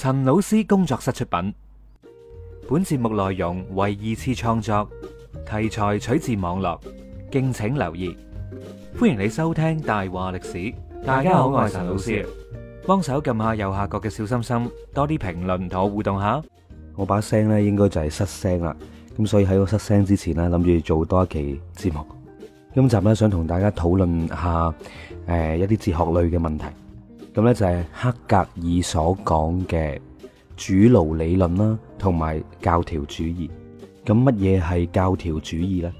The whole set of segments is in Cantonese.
陳老師工作室出品，本節目內容為二次創作，題材取自網絡，敬請留意。歡迎你收聽《大話歷史》。大家好，我係陳老師。幫手撳下右下角嘅小心心，多啲評論同我互動下。我把聲咧應該就係失聲啦，咁所以喺我失聲之前咧，諗住做多一期節目。今集咧想同大家討論下，誒一啲哲學類嘅問題。咁咧就係黑格爾所講嘅主奴理論啦，同埋教條主義。咁乜嘢係教條主義呢？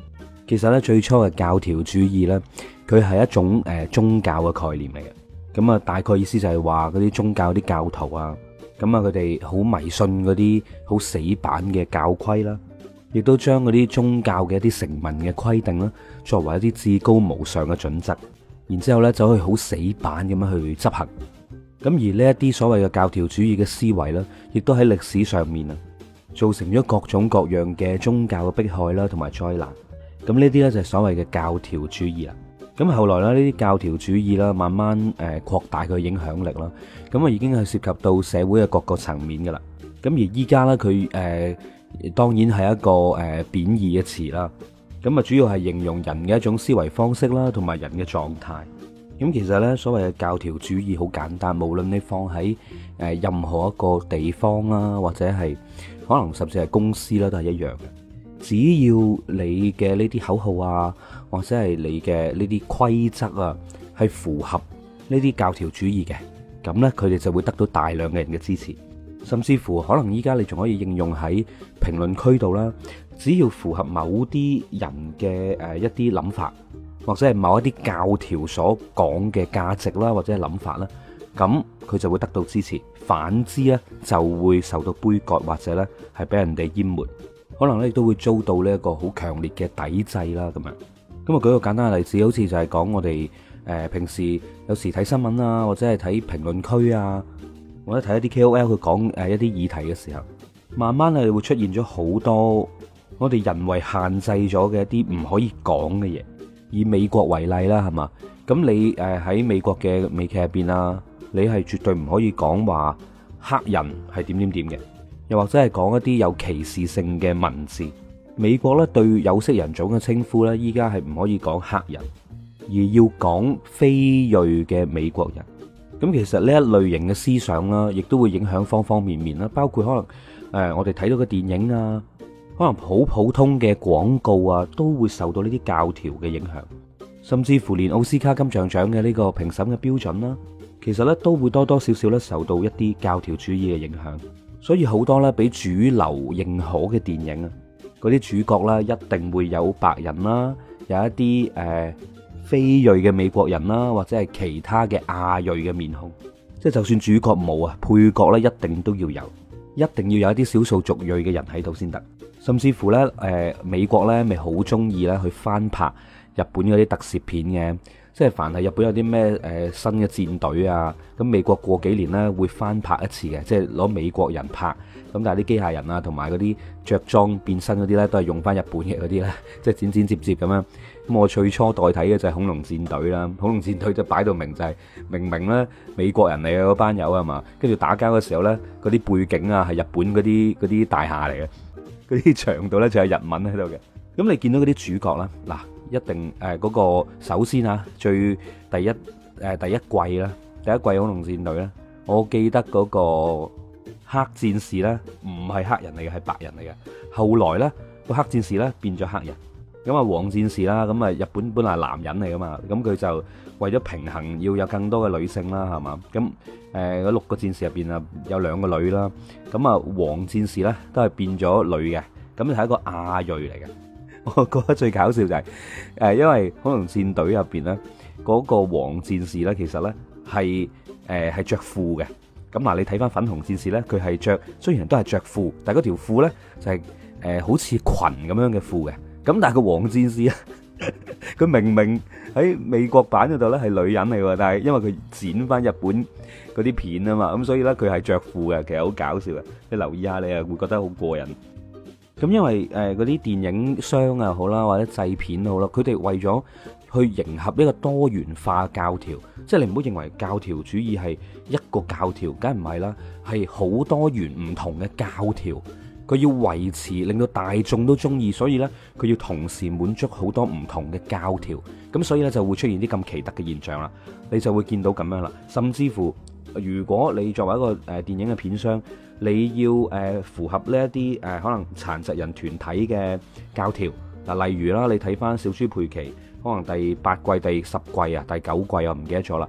其實咧最初嘅教條主義咧，佢係一種誒宗教嘅概念嚟嘅。咁啊，大概意思就係話嗰啲宗教啲教徒啊，咁啊佢哋好迷信嗰啲好死板嘅教規啦，亦都將嗰啲宗教嘅一啲成文嘅規定啦，作為一啲至高無上嘅準則。然之後咧，走去好死板咁樣去執行，咁而呢一啲所謂嘅教條主義嘅思維呢，亦都喺歷史上面啊，造成咗各種各樣嘅宗教嘅迫害啦，同埋災難。咁呢啲呢，就係所謂嘅教條主義啦。咁後來呢啲教條主義啦，慢慢誒擴大佢嘅影響力啦，咁啊已經係涉及到社會嘅各個層面噶啦。咁而依家呢，佢、呃、誒當然係一個誒貶義嘅詞啦。咁啊，主要係形容人嘅一種思維方式啦，同埋人嘅狀態。咁其實呢，所謂嘅教條主義好簡單，無論你放喺誒任何一個地方啦，或者係可能甚至係公司啦，都係一樣嘅。只要你嘅呢啲口號啊，或者係你嘅呢啲規則啊，係符合呢啲教條主義嘅，咁呢佢哋就會得到大量嘅人嘅支持，甚至乎可能依家你仲可以應用喺評論區度啦。只要符合某啲人嘅誒一啲諗法，或者係某一啲教條所講嘅價值啦，或者係諗法啦，咁佢就會得到支持。反之咧，就會受到杯葛，或者咧係俾人哋淹沒，可能咧亦都會遭到呢一個好強烈嘅抵制啦。咁樣，咁啊，舉個簡單嘅例子，好似就係講我哋誒平時有時睇新聞啊，或者係睇評論區啊，或者睇一啲 KOL 佢講誒一啲議題嘅時候，慢慢係會出現咗好多。我哋人為限制咗嘅一啲唔可以講嘅嘢，以美國為例啦，係嘛？咁你誒喺美國嘅美劇入邊啦，你係絕對唔可以講話黑人係點點點嘅，又或者係講一啲有歧視性嘅文字。美國呢對有色人種嘅稱呼呢，依家係唔可以講黑人，而要講非裔嘅美國人。咁其實呢一類型嘅思想啦，亦都會影響方方面面啦，包括可能誒我哋睇到嘅電影啊。可能好普通嘅廣告啊，都會受到呢啲教條嘅影響，甚至乎連奧斯卡金像獎嘅呢個評審嘅標準啦，其實呢都會多多少少呢受到一啲教條主義嘅影響。所以好多呢俾主流認可嘅電影啊，嗰啲主角啦一定會有白人啦，有一啲、呃、非裔嘅美國人啦，或者係其他嘅亞裔嘅面孔。即係就算主角冇啊，配角呢一定都要有，一定要有一啲少數族裔嘅人喺度先得。甚至乎呢，誒、呃、美國呢咪好中意呢去翻拍日本嗰啲特攝片嘅，即係凡係日本有啲咩、呃、新嘅戰隊啊，咁美國過幾年呢會翻拍一次嘅，即係攞美國人拍咁，但係啲機械人啊同埋嗰啲着裝變身嗰啲呢，都係用翻日本嘅嗰啲呢，即係剪剪接接咁樣。咁我最初代替嘅就係恐龍戰隊啦，恐龍戰隊就擺到明就係、是、明明呢美國人嚟嘅嗰班友係嘛，跟住打交嘅時候呢，嗰啲背景啊係日本嗰啲嗰啲大廈嚟嘅。嗰啲長度咧就係日文喺度嘅，咁你見到嗰啲主角咧，嗱一定誒嗰個首先啊，最第一誒第一季咧，第一季《恐龍戰隊》咧，我記得嗰個黑戰士咧唔係黑人嚟嘅，係白人嚟嘅。後來咧個黑戰士咧變咗黑人，咁啊黃戰士啦，咁啊日本本嚟係男人嚟噶嘛，咁佢就。為咗平衡，要有更多嘅女性啦，係嘛？咁誒，嗰六個戰士入邊啊，有兩個女啦。咁啊，黃戰士咧都係變咗女嘅，咁就係一個亞裔嚟嘅。我覺得最搞笑就係誒，因為恐龍戰隊入邊咧，嗰、嗰個黃戰士咧其實咧係誒係著褲嘅。咁嗱，你睇翻粉紅戰士咧，佢係着，雖然都係着褲，但係嗰條褲咧就係、係、誒好似裙咁樣嘅褲嘅。咁但係個黃戰士咧。佢 明明喺美國版嗰度呢係女人嚟喎，但係因為佢剪翻日本嗰啲片啊嘛，咁所以呢，佢係着褲嘅，其實好搞笑嘅。你留意下，你又會覺得好過癮。咁因為誒嗰啲電影商啊好啦，或者製片好啦，佢哋為咗去迎合一個多元化教條，即係你唔好認為教條主義係一個教條，梗係唔係啦，係好多元唔同嘅教條。佢要維持令到大眾都中意，所以呢，佢要同時滿足好多唔同嘅教條，咁所以呢，就會出現啲咁奇特嘅現象啦。你就會見到咁樣啦。甚至乎，如果你作為一個誒電影嘅片商，你要誒符合呢一啲誒可能殘疾人團體嘅教條嗱，例如啦，你睇翻小豬佩奇，可能第八季、第十季啊、第九季啊，唔記得咗啦，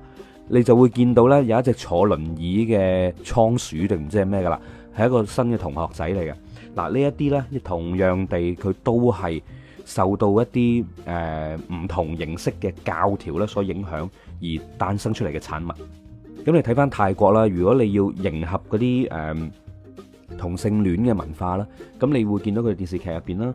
你就會見到呢有一隻坐輪椅嘅倉鼠定唔知係咩噶啦，係一個新嘅同學仔嚟嘅。嗱，這些呢一啲咧，同樣地佢都係受到一啲誒唔同形式嘅教條咧，所影響而誕生出嚟嘅產物。咁你睇翻泰國啦，如果你要迎合嗰啲誒同性戀嘅文化啦，咁你會見到佢哋電視劇入邊啦，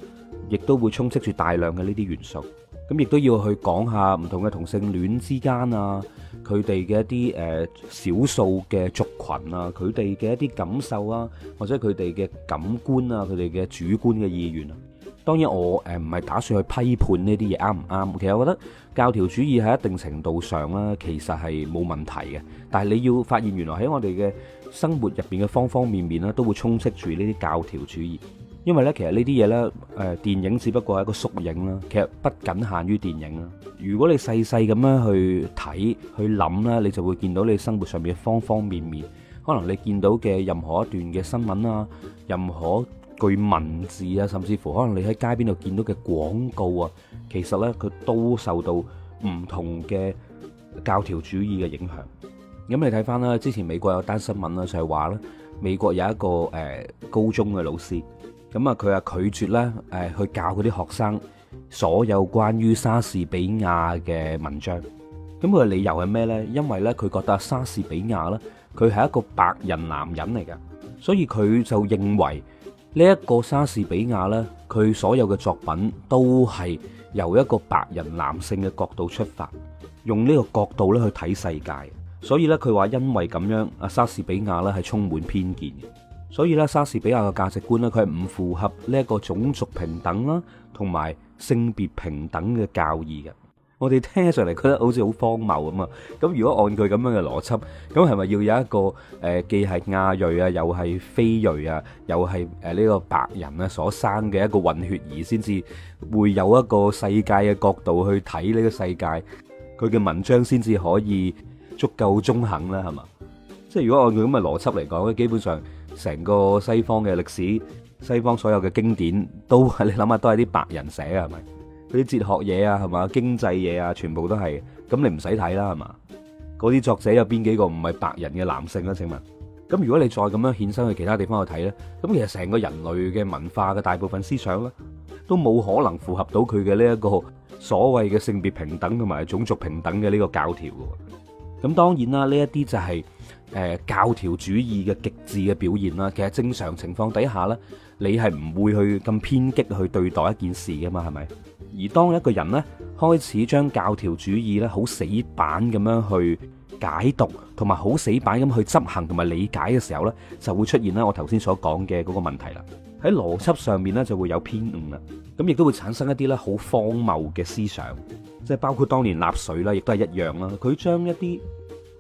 亦都會充斥住大量嘅呢啲元素。咁亦都要去講下唔同嘅同性戀之間啊。佢哋嘅一啲誒少數嘅族群啊，佢哋嘅一啲感受啊，或者佢哋嘅感官啊，佢哋嘅主觀嘅意願啊。當然我，我誒唔係打算去批判呢啲嘢啱唔啱。其實我覺得教條主義喺一定程度上咧、啊，其實係冇問題嘅。但係你要發現原來喺我哋嘅生活入邊嘅方方面面咧、啊，都會充斥住呢啲教條主義。因為咧，其實這些呢啲嘢咧，誒、呃、電影只不過係一個縮影啦。其實不僅限於電影啦、啊。如果你細細咁樣去睇、去諗呢，你就會見到你生活上面方方面面。可能你見到嘅任何一段嘅新聞啊，任何句文字啊，甚至乎可能你喺街邊度見到嘅廣告啊，其實呢，佢都受到唔同嘅教條主義嘅影響。咁你睇翻啦，之前美國有單新聞啦，就係話呢，美國有一個誒高中嘅老師，咁啊佢啊拒絕呢誒去教嗰啲學生。所有關於莎士比亞嘅文章，咁佢嘅理由係咩呢？因為呢，佢覺得莎士比亞呢，佢係一個白人男人嚟㗎，所以佢就認為呢一個莎士比亞呢，佢所有嘅作品都係由一個白人男性嘅角度出發，用呢個角度咧去睇世界，所以呢，佢話因為咁樣，莎士比亞呢係充滿偏見，所以呢，莎士比亞嘅價值觀呢，佢係唔符合呢一個種族平等啦。同埋性別平等嘅教義嘅，我哋聽上嚟覺得好似好荒謬咁啊！咁如果按佢咁樣嘅邏輯，咁係咪要有一個誒既係亞裔啊，又係非裔啊，又係誒呢個白人啊，所生嘅一個混血兒先至會有一個世界嘅角度去睇呢個世界，佢嘅文章先至可以足夠中肯啦，係嘛？即係如果按佢咁嘅邏輯嚟講，呢基本上成個西方嘅歷史。西方所有嘅經典都係你諗下，都係啲白人寫啊係咪？嗰啲哲學嘢啊，係嘛經濟嘢啊，全部都係。咁你唔使睇啦係嘛？嗰啲作者有邊幾個唔係白人嘅男性呢？請問，咁如果你再咁樣衍生去其他地方去睇呢，咁其實成個人類嘅文化嘅大部分思想呢，都冇可能符合到佢嘅呢一個所謂嘅性別平等同埋種族平等嘅呢個教條嘅。咁當然啦，呢一啲就係、是。誒教條主義嘅極致嘅表現啦，其實正常情況底下咧，你係唔會去咁偏激去對待一件事嘅嘛，係咪？而當一個人咧，開始將教條主義咧，好死板咁樣去解讀，同埋好死板咁去執行同埋理解嘅時候咧，就會出現咧我頭先所講嘅嗰個問題啦。喺邏輯上面呢，就會有偏誤啦，咁亦都會產生一啲咧，好荒謬嘅思想，即係包括當年納粹啦，亦都係一樣啦，佢將一啲。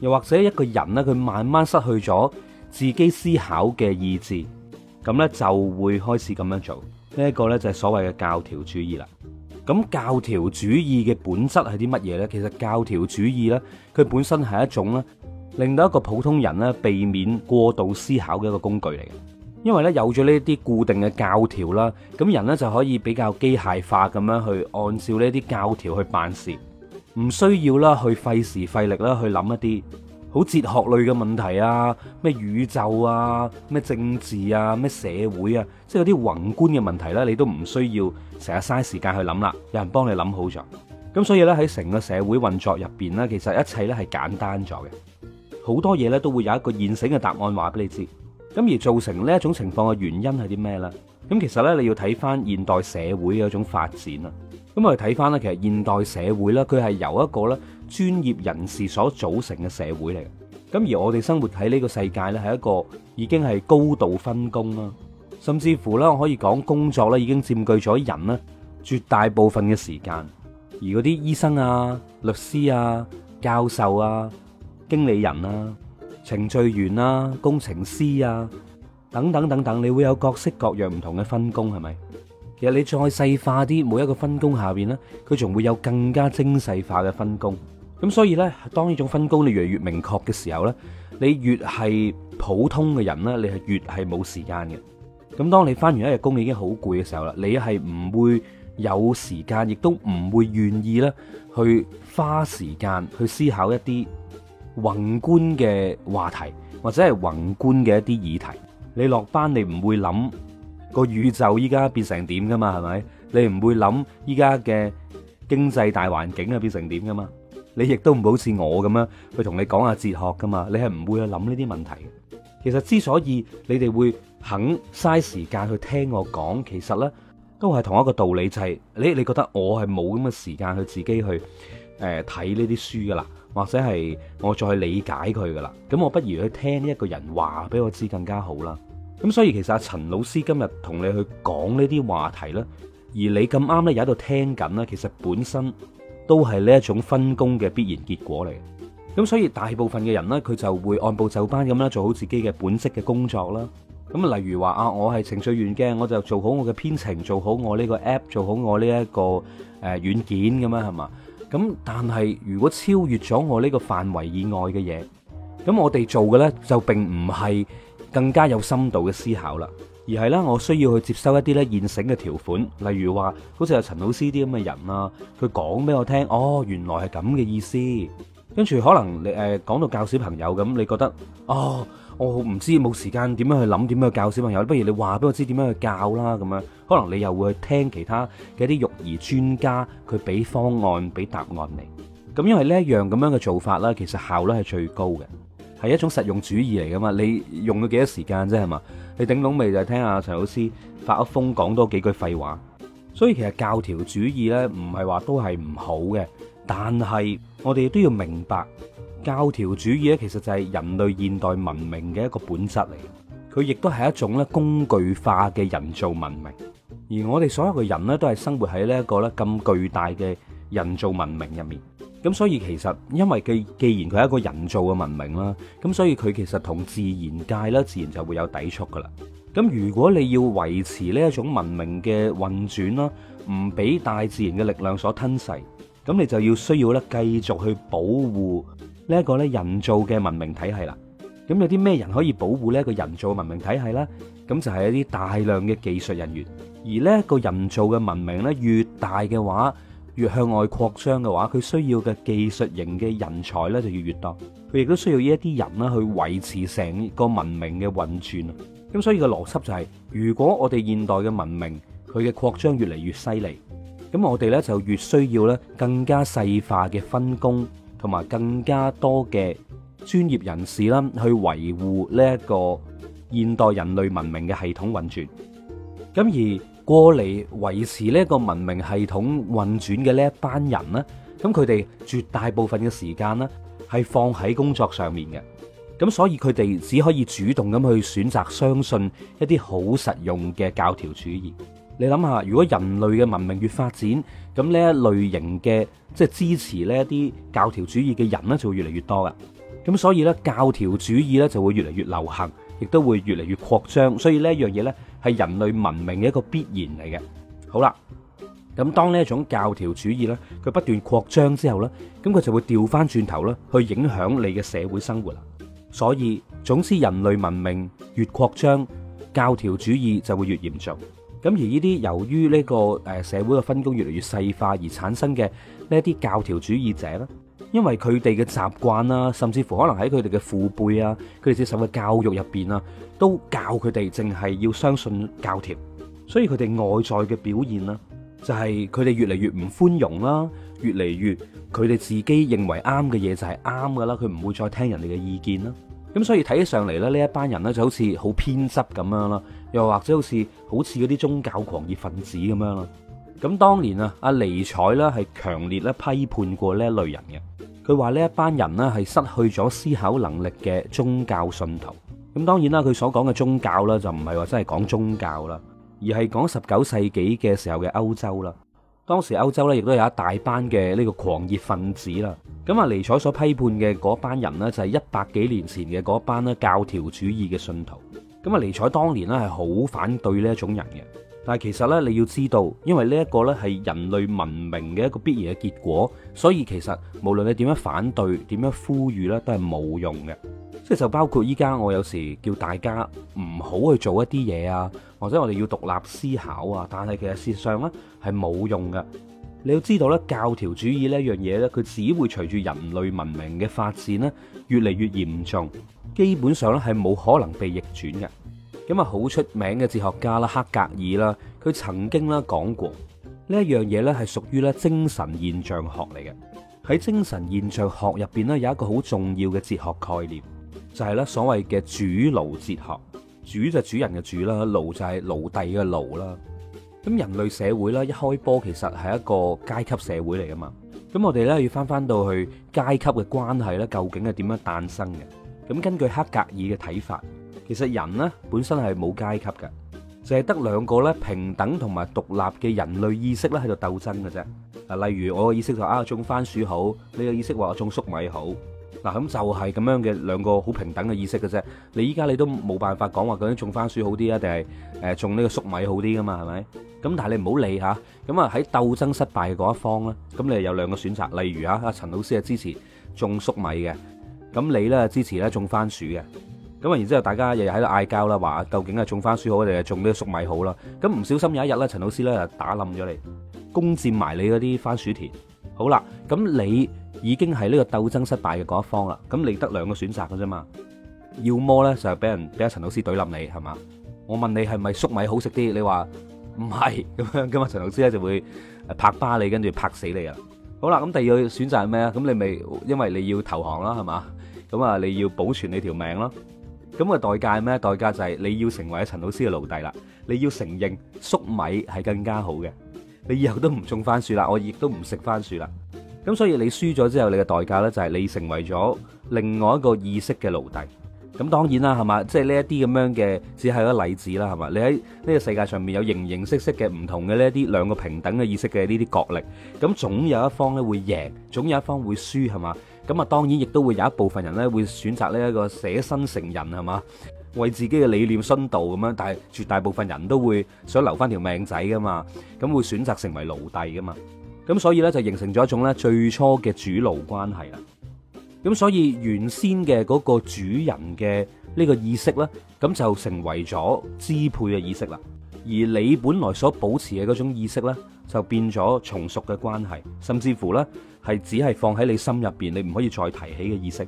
又或者一個人咧，佢慢慢失去咗自己思考嘅意志，咁呢就會開始咁樣做。呢一個呢就係所謂嘅教條主義啦。咁教條主義嘅本質係啲乜嘢呢？其實教條主義呢，佢本身係一種咧令到一個普通人呢避免過度思考嘅一個工具嚟嘅。因為呢，有咗呢啲固定嘅教條啦，咁人呢就可以比較機械化咁樣去按照呢啲教條去辦事。唔需要啦，去費時費力啦，去諗一啲好哲學類嘅問題啊，咩宇宙啊，咩政治啊，咩社會啊，即係嗰啲宏觀嘅問題咧，你都唔需要成日嘥時間去諗啦，有人幫你諗好咗。咁所以呢，喺成個社會運作入邊呢，其實一切呢係簡單咗嘅，好多嘢呢，都會有一個現成嘅答案話俾你知。咁而造成呢一種情況嘅原因係啲咩呢？咁其實呢，你要睇翻現代社會嘅一種發展啦。咁我哋睇翻呢，其實現代社會呢，佢係由一個呢專業人士所組成嘅社會嚟嘅。咁而我哋生活喺呢個世界呢，係一個已經係高度分工啦，甚至乎呢，我可以講工作呢已經佔據咗人呢絕大部分嘅時間。而嗰啲醫生啊、律師啊、教授啊、經理人啊、程序員啊、工程師啊。等等等等，你會有各式各樣唔同嘅分工，係咪？其實你再細化啲，每一個分工下邊呢，佢仲會有更加精細化嘅分工。咁所以呢，當呢種分工你越嚟越明確嘅時候呢，你越係普通嘅人呢，你係越係冇時間嘅。咁當你翻完一日工，已經好攰嘅時候啦，你係唔會有時間，亦都唔會願意呢去花時間去思考一啲宏觀嘅話題或者係宏觀嘅一啲議題。你落班你唔會諗個宇宙依家變成點噶嘛，係咪？你唔會諗依家嘅經濟大環境啊變成點噶嘛？你亦都唔好似我咁樣去同你講下哲學噶嘛？你係唔會去諗呢啲問題。其實之所以你哋會肯嘥時間去聽我講，其實呢，都係同一個道理，就係、是、你你覺得我係冇咁嘅時間去自己去誒睇呢啲書噶啦，或者係我再去理解佢噶啦。咁我不如去聽呢一個人話俾我知更加好啦。咁所以其實阿陳老師今日同你去講呢啲話題咧，而你咁啱呢，又喺度聽緊呢，其實本身都係呢一種分工嘅必然結果嚟。咁所以大部分嘅人呢，佢就會按部就班咁樣，做好自己嘅本職嘅工作啦。咁例如話啊，我係程序員嘅，我就做好我嘅編程，做好我呢個 app，做好我呢一個誒、呃、軟件咁樣，係嘛。咁但係如果超越咗我呢個範圍以外嘅嘢，咁我哋做嘅呢，就並唔係。更加有深度嘅思考啦，而係咧，我需要去接收一啲咧現成嘅條款，例如話好似阿陳老師啲咁嘅人啊，佢講俾我聽，哦，原來係咁嘅意思，跟住可能你誒講到教小朋友咁，你覺得哦，我唔知冇時間點樣去諗點樣去教小朋友，不如你話俾我知點樣去教啦，咁樣可能你又會去聽其他嘅一啲育兒專家佢俾方案俾答案給你，咁因為呢一樣咁樣嘅做法啦，其實效率係最高嘅。係一種實用主義嚟㗎嘛？你用咗幾多時間啫係嘛？你頂籠未就係聽阿陳老師發咗風講多幾句廢話。所以其實教條主義咧唔係話都係唔好嘅，但係我哋都要明白教條主義咧其實就係人類現代文明嘅一個本質嚟。佢亦都係一種咧工具化嘅人造文明，而我哋所有嘅人咧都係生活喺呢一個咧咁巨大嘅人造文明入面。咁所以其實，因為既既然佢係一個人造嘅文明啦，咁所以佢其實同自然界咧自然就會有抵觸噶啦。咁如果你要維持呢一種文明嘅運轉啦，唔俾大自然嘅力量所吞噬，咁你就要需要咧繼續去保護呢一個咧人造嘅文明體系啦。咁有啲咩人可以保護呢一個人造嘅文明體系咧？咁就係一啲大量嘅技術人員。而呢一個人造嘅文明咧越大嘅話，越向外擴張嘅話，佢需要嘅技術型嘅人才呢，就要越多，佢亦都需要呢一啲人呢，去維持成個文明嘅運轉。咁所以個邏輯就係，如果我哋現代嘅文明佢嘅擴張越嚟越犀利，咁我哋呢，就越需要呢更加細化嘅分工，同埋更加多嘅專業人士啦去維護呢一個現代人類文明嘅系統運轉。咁而過嚟維持呢個文明系統運轉嘅呢一班人呢，咁佢哋絕大部分嘅時間呢係放喺工作上面嘅，咁所以佢哋只可以主動咁去選擇相信一啲好實用嘅教條主義。你諗下，如果人類嘅文明越發展，咁呢一類型嘅即係支持呢一啲教條主義嘅人呢，就會越嚟越多噶。咁所以呢，教條主義呢，就會越嚟越流行，亦都會越嚟越擴張。所以呢一樣嘢呢，係人類文明嘅一個必然嚟嘅。好啦，咁當呢一種教條主義呢，佢不斷擴張之後呢，咁佢就會掉翻轉頭啦，去影響你嘅社會生活啦。所以總之，人類文明越擴張，教條主義就會越嚴重。咁而呢啲由於呢個誒社會嘅分工越嚟越細化而產生嘅呢啲教條主義者呢，因為佢哋嘅習慣啦，甚至乎可能喺佢哋嘅父輩啊，佢哋接受嘅教育入邊啊，都教佢哋淨係要相信教條，所以佢哋外在嘅表現啦，就係佢哋越嚟越唔寬容啦，越嚟越佢哋自己認為啱嘅嘢就係啱噶啦，佢唔會再聽人哋嘅意見啦。咁所以睇起上嚟咧，呢一班人咧就好似好偏執咁樣啦，又或者好似好似嗰啲宗教狂熱分子咁樣啦。咁當年啊，阿尼采咧係強烈咧批判過呢一類人嘅。佢話呢一班人呢係失去咗思考能力嘅宗教信徒。咁當然啦，佢所講嘅宗教咧就唔係話真係講宗教啦，而係講十九世紀嘅時候嘅歐洲啦。當時歐洲咧亦都有一大班嘅呢個狂熱分子啦。咁啊，尼采所批判嘅嗰班人呢，就係一百幾年前嘅嗰班咧教條主義嘅信徒。咁啊，尼采當年咧係好反對呢一種人嘅。但係其實咧，你要知道，因為呢一個咧係人類文明嘅一個必然嘅結果，所以其實無論你點樣反對、點樣呼籲咧，都係冇用嘅。即係就包括依家我有時叫大家唔好去做一啲嘢啊，或者我哋要獨立思考啊，但係其實事實上咧係冇用嘅。你要知道咧，教條主義呢樣嘢咧，佢只會隨住人類文明嘅發展咧越嚟越嚴重，基本上咧係冇可能被逆轉嘅。咁啊，好出名嘅哲學家啦，黑格爾啦，佢曾經啦講過呢一樣嘢呢係屬於咧精神現象學嚟嘅。喺精神現象學入邊呢，有一個好重要嘅哲學概念，就係呢所謂嘅主奴哲學。主就主人嘅主啦，奴就係奴隸嘅奴啦。咁人類社會呢，一開波其實係一個階級社會嚟啊嘛。咁我哋呢，要翻翻到去階級嘅關係呢，究竟係點樣誕生嘅？咁根據黑格爾嘅睇法。其實人咧本身係冇階級嘅，淨係得兩個咧平等同埋獨立嘅人類意識咧喺度鬥爭嘅啫。啊，例如我嘅意識就啊種番薯好，你嘅意識話我種粟米好。嗱，咁就係咁樣嘅兩個好平等嘅意識嘅啫。你依家你都冇辦法講話究竟種番薯好啲啊，定係誒種呢個粟米好啲㗎嘛？係咪？咁但係你唔好理吓。咁啊喺鬥爭失敗嘅嗰一方咧，咁你就有兩個選擇。例如啊，阿陳老師係支持種粟米嘅，咁你咧支持咧種番薯嘅。咁啊！然之後，大家日日喺度嗌交啦，話究竟係種番薯好定係種呢個粟米好啦？咁唔小心有一日咧，陳老師咧就打冧咗你，攻佔埋你嗰啲番薯田。好啦，咁你已經係呢個鬥爭失敗嘅嗰一方啦。咁你得兩個選擇嘅啫嘛，要麼咧就係、是、俾人俾阿陳老師懟冧你係嘛？我問你係咪粟米好食啲？你話唔係咁樣咁嘛？陳老師咧就會拍巴你，跟住拍死你啊！好啦，咁第二個選擇係咩啊？咁你咪因為你要投降啦，係嘛？咁啊，你要保存你條命咯。咁個代價咩？代價就係你要成為陳老師嘅奴隸啦，你要承認粟米係更加好嘅，你以後都唔種番薯啦，我亦都唔食番薯啦。咁所以你輸咗之後，你嘅代價呢，就係你成為咗另外一個意識嘅奴隸。咁當然啦，係嘛？即係呢一啲咁樣嘅只係一個例子啦，係嘛？你喺呢個世界上面有形形色色嘅唔同嘅呢啲兩個平等嘅意識嘅呢啲角力，咁總有一方咧會贏，總有一方會輸，係嘛？咁啊，當然亦都會有一部分人呢，會選擇呢一個捨身成人，係嘛，為自己嘅理念殉道咁樣。但係絕大部分人都會想留翻條命仔噶嘛，咁會選擇成為奴隸噶嘛。咁所以呢，就形成咗一種呢，最初嘅主奴關係啦。咁所以原先嘅嗰個主人嘅呢個意識呢，咁就成為咗支配嘅意識啦。而你本來所保持嘅嗰種意識呢，就變咗從屬嘅關係，甚至乎呢。係只係放喺你心入邊，你唔可以再提起嘅意識。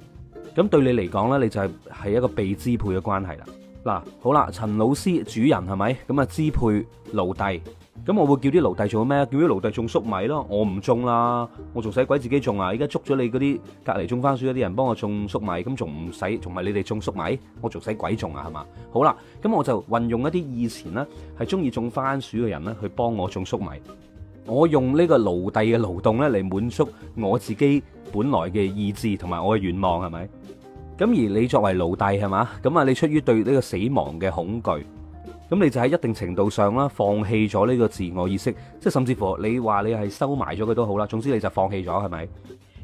咁對你嚟講呢，你就係係一個被支配嘅關係啦。嗱、嗯，好啦，陳老師主人係咪？咁啊支配奴隸。咁我會叫啲奴隸做咩啊？叫啲奴隸種粟米咯。我唔種啦，我仲使鬼自己種啊！而家捉咗你嗰啲隔離種番薯嗰啲人幫我種粟米，咁仲唔使？仲唔係你哋種粟米？我仲使鬼種啊？係嘛？好啦，咁我就運用一啲以前呢係中意種番薯嘅人呢去幫我種粟米。我用呢個奴隸嘅勞動咧嚟滿足我自己本來嘅意志同埋我嘅願望，係咪？咁而你作為奴隸係嘛？咁啊，那你出於對呢個死亡嘅恐懼，咁你就喺一定程度上啦放棄咗呢個自我意識，即係甚至乎你話你係收埋咗佢都好啦。總之你就放棄咗係咪？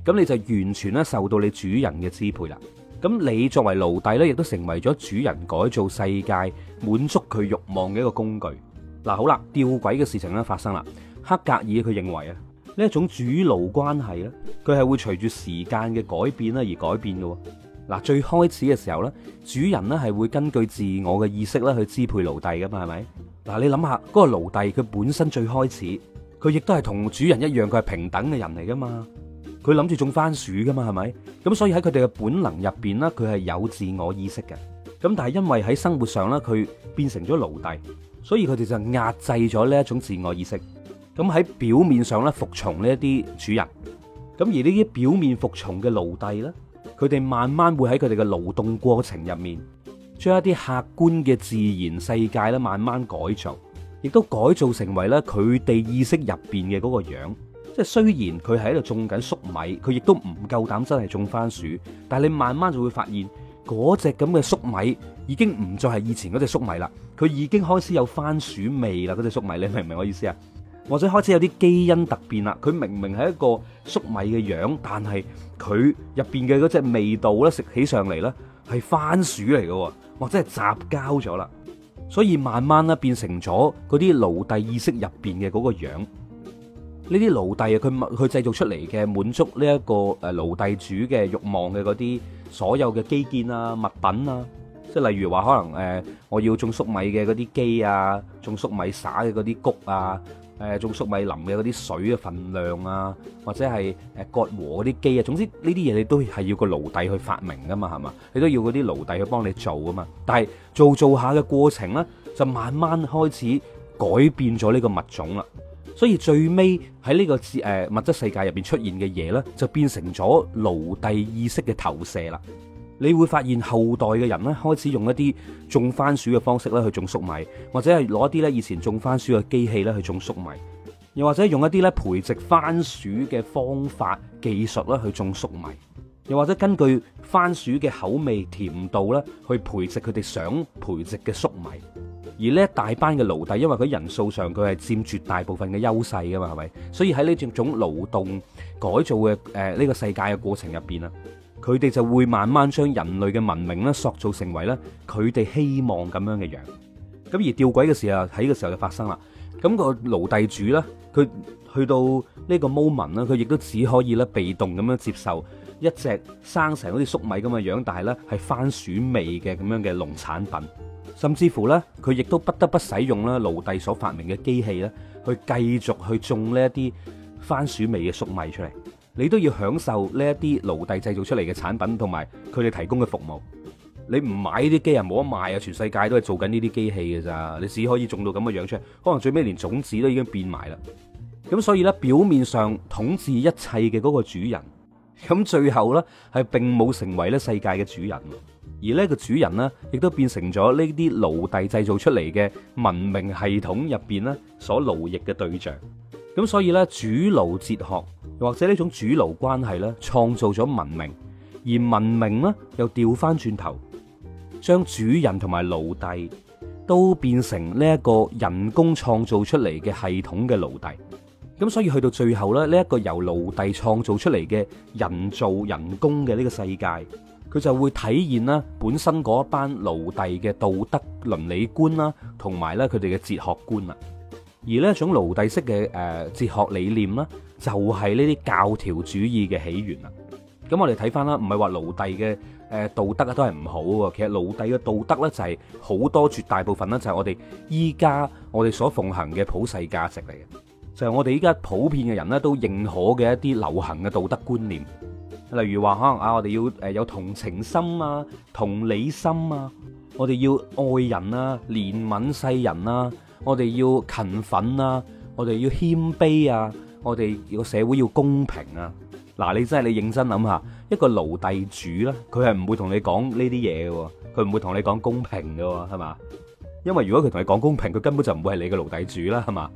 咁你就完全咧受到你主人嘅支配啦。咁你作為奴隸咧，亦都成為咗主人改造世界，滿足佢慾望嘅一個工具嗱、啊。好啦，吊詭嘅事情咧發生啦。黑格爾佢認為啊，呢一種主奴關係咧，佢係會隨住時間嘅改變啦而改變噶。嗱，最開始嘅時候咧，主人咧係會根據自我嘅意識咧去支配奴隸噶嘛，係咪？嗱，你諗下嗰個奴隸佢本身最開始佢亦都係同主人一樣，佢係平等嘅人嚟噶嘛？佢諗住種番薯噶嘛，係咪？咁所以喺佢哋嘅本能入邊啦，佢係有自我意識嘅。咁但係因為喺生活上咧，佢變成咗奴隸，所以佢哋就壓制咗呢一種自我意識。咁喺表面上咧，服從呢一啲主人，咁而呢啲表面服從嘅奴隸咧，佢哋慢慢會喺佢哋嘅勞動過程入面，將一啲客觀嘅自然世界咧，慢慢改造，亦都改造成為咧佢哋意識入面嘅嗰個樣。即係雖然佢係喺度種緊粟米，佢亦都唔夠膽真係種番薯，但係你慢慢就會發現，嗰隻咁嘅粟米已經唔再係以前嗰隻粟米啦，佢已經開始有番薯味啦。嗰隻粟米，你明唔明我意思啊？或者開始有啲基因突變啦，佢明明係一個粟米嘅樣，但係佢入邊嘅嗰隻味道咧，食起上嚟咧係番薯嚟嘅，或者係雜交咗啦，所以慢慢咧變成咗嗰啲奴隸意識入邊嘅嗰個樣。呢啲奴隸啊，佢佢製造出嚟嘅滿足呢一個誒奴隸主嘅欲望嘅嗰啲所有嘅基建啊、物品啊，即係例如話可能誒我要種粟米嘅嗰啲機啊，種粟米撒嘅嗰啲穀啊。誒種粟米淋嘅嗰啲水嘅份量啊，或者係誒割禾嗰啲機啊，總之呢啲嘢你都係要個奴隸去發明噶嘛，係嘛？你都要嗰啲奴隸去幫你做噶嘛。但係做做下嘅過程咧，就慢慢開始改變咗呢個物種啦。所以最尾喺呢個誒物質世界入邊出現嘅嘢咧，就變成咗奴隸意識嘅投射啦。你會發現後代嘅人咧，開始用一啲種番薯嘅方式咧去種粟米，或者係攞啲咧以前種番薯嘅機器咧去種粟米，又或者用一啲咧培植番薯嘅方法技術咧去種粟米，又或者根據番薯嘅口味甜度咧去培植佢哋想培植嘅粟米，而呢一大班嘅奴隸，因為佢人數上佢係佔絕大部分嘅優勢噶嘛，係咪？所以喺呢種種勞動改造嘅誒呢個世界嘅過程入邊啊。佢哋就會慢慢將人類嘅文明咧塑造成為咧佢哋希望咁樣嘅樣。咁而吊詭嘅時候喺個時候就發生啦。咁、那個奴隸主咧，佢去到呢個 moment 咧，佢亦都只可以咧被動咁樣接受一隻生成好似粟米咁嘅樣，樣，但係咧係番薯味嘅咁樣嘅農產品。甚至乎咧，佢亦都不得不使用咧奴隸所發明嘅機器咧，去繼續去種呢一啲番薯味嘅粟米出嚟。你都要享受呢一啲奴隸製造出嚟嘅產品同埋佢哋提供嘅服務。你唔買呢啲機啊，冇得賣啊！全世界都係做緊呢啲機器嘅咋，你只可以種到咁嘅樣出嚟。可能最尾連種子都已經變埋啦。咁所以呢，表面上統治一切嘅嗰個主人，咁最後呢，係並冇成為呢世界嘅主人。而呢、呢個主人呢，亦都變成咗呢啲奴隸製造出嚟嘅文明系統入邊呢所奴役嘅對象。咁所以呢，主奴哲學。或者呢種主奴關係咧，創造咗文明，而文明咧又掉翻轉頭，將主人同埋奴隸，都變成呢一個人工創造出嚟嘅系統嘅奴隸。咁所以去到最後咧，呢、這、一個由奴隸創造出嚟嘅人造人工嘅呢個世界，佢就會體現啦本身嗰一班奴隸嘅道德倫理觀啦，同埋咧佢哋嘅哲學觀啊。而呢一種奴隸式嘅誒哲學理念啦。就係呢啲教條主義嘅起源啊！咁我哋睇翻啦，唔係話奴隸嘅誒道德啊都係唔好嘅。其實奴隸嘅道德咧就係好多絕大部分咧就係我哋依家我哋所奉行嘅普世價值嚟嘅，就係我哋依家普遍嘅人咧都認可嘅一啲流行嘅道德觀念，例如話可能啊，我哋要誒有同情心啊、同理心啊，我哋要愛人啊、憐憫世人啊，我哋要勤奮啊，我哋要謙卑啊。我哋個社會要公平啊！嗱，你真係你認真諗下，一個奴隸主啦，佢係唔會同你講呢啲嘢嘅喎，佢唔會同你講公平嘅喎，係嘛？因為如果佢同你講公平，佢根本就唔會係你嘅奴隸主啦，係嘛？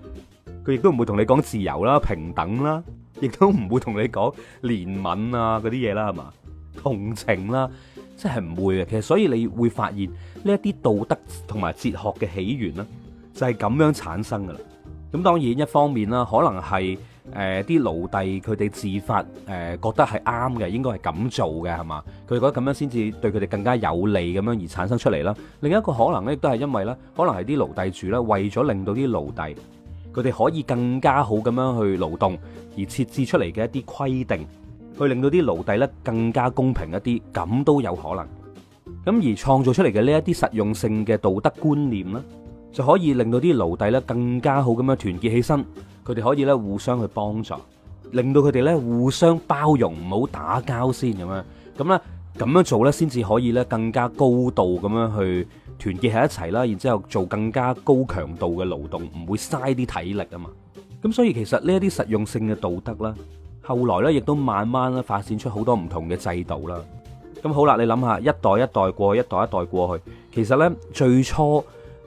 佢亦都唔會同你講自由啦、平等啦，亦都唔會同你講憐憫啊嗰啲嘢啦，係嘛？同情啦，即係唔會嘅。其實所以你會發現呢一啲道德同埋哲學嘅起源啦，就係咁樣產生嘅啦。咁當然一方面啦，可能係。誒啲、呃、奴隸佢哋自發誒、呃、覺得係啱嘅，應該係咁做嘅係嘛？佢覺得咁樣先至對佢哋更加有利咁樣而產生出嚟啦。另一個可能咧，亦都係因為咧，可能係啲奴隸主咧為咗令到啲奴隸佢哋可以更加好咁樣去勞動，而設置出嚟嘅一啲規定，去令到啲奴隸咧更加公平一啲，咁都有可能。咁而創造出嚟嘅呢一啲實用性嘅道德觀念咧，就可以令到啲奴隸咧更加好咁樣團結起身。佢哋可以咧互相去幫助，令到佢哋咧互相包容，唔好打交先咁樣。咁咧咁樣做咧，先至可以咧更加高度咁樣去團結喺一齊啦。然之後做更加高強度嘅勞動，唔會嘥啲體力啊嘛。咁所以其實呢一啲實用性嘅道德啦，後來咧亦都慢慢咧發展出好多唔同嘅制度啦。咁好啦，你諗下，一代一代過去，一代一代過去，其實咧最初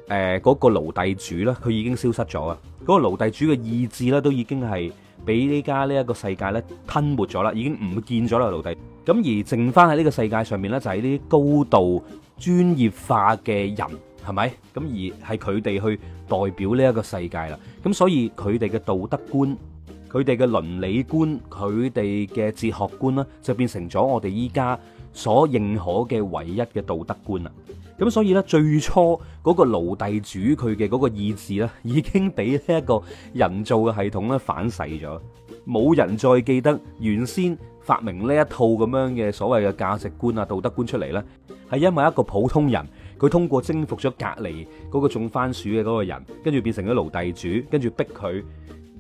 誒嗰個奴隸主咧，佢已經消失咗啊。個奴隸主嘅意志咧，都已經係俾呢家呢一個世界咧吞沒咗啦，已經唔見咗啦，奴隸。咁而剩翻喺呢個世界上面咧，就係呢啲高度專業化嘅人，係咪？咁而係佢哋去代表呢一個世界啦。咁所以佢哋嘅道德觀、佢哋嘅倫理觀、佢哋嘅哲學觀呢就變成咗我哋依家所認可嘅唯一嘅道德觀啦。咁所以呢，最初嗰個奴隸主佢嘅嗰個意志呢，已經俾呢一個人造嘅系統呢反噬咗，冇人再記得原先發明呢一套咁樣嘅所謂嘅價值觀啊、道德觀出嚟呢，係因為一個普通人，佢通過征服咗隔離嗰個種番薯嘅嗰個人，跟住變成咗奴隸主，跟住逼佢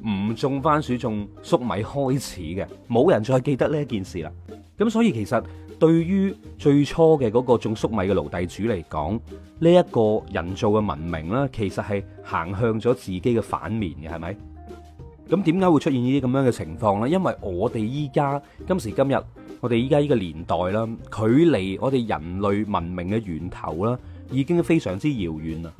唔種番薯種粟米開始嘅，冇人再記得呢一件事啦。咁所以其實。對於最初嘅嗰個種粟米嘅奴隸主嚟講，呢一個人造嘅文明呢，其實係行向咗自己嘅反面嘅，係咪？咁點解會出現呢啲咁樣嘅情況呢？因為我哋依家今時今日，我哋依家呢個年代啦，距離我哋人類文明嘅源頭啦，已經非常之遙遠啦，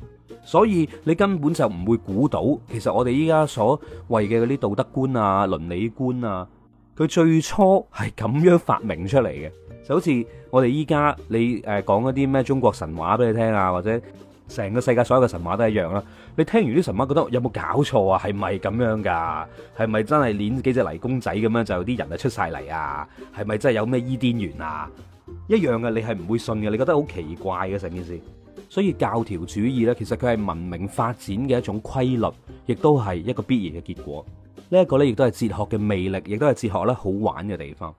所以你根本就唔會估到，其實我哋依家所謂嘅嗰啲道德觀啊、倫理觀啊。佢最初係咁樣發明出嚟嘅，就好似我哋依家你誒講一啲咩中國神話俾你聽啊，或者成個世界所有嘅神話都一樣啦。你聽完啲神話，覺得有冇搞錯啊？係咪咁樣噶？係咪真係捻幾隻泥公仔咁樣就有啲人啊出晒嚟啊？係咪真係有咩伊甸園啊？一樣嘅，你係唔會信嘅，你覺得好奇怪嘅成件事。所以教條主義呢，其實佢係文明發展嘅一種規律，亦都係一個必然嘅結果。呢一個呢，亦都係哲學嘅魅力，亦都係哲學呢好玩嘅地方。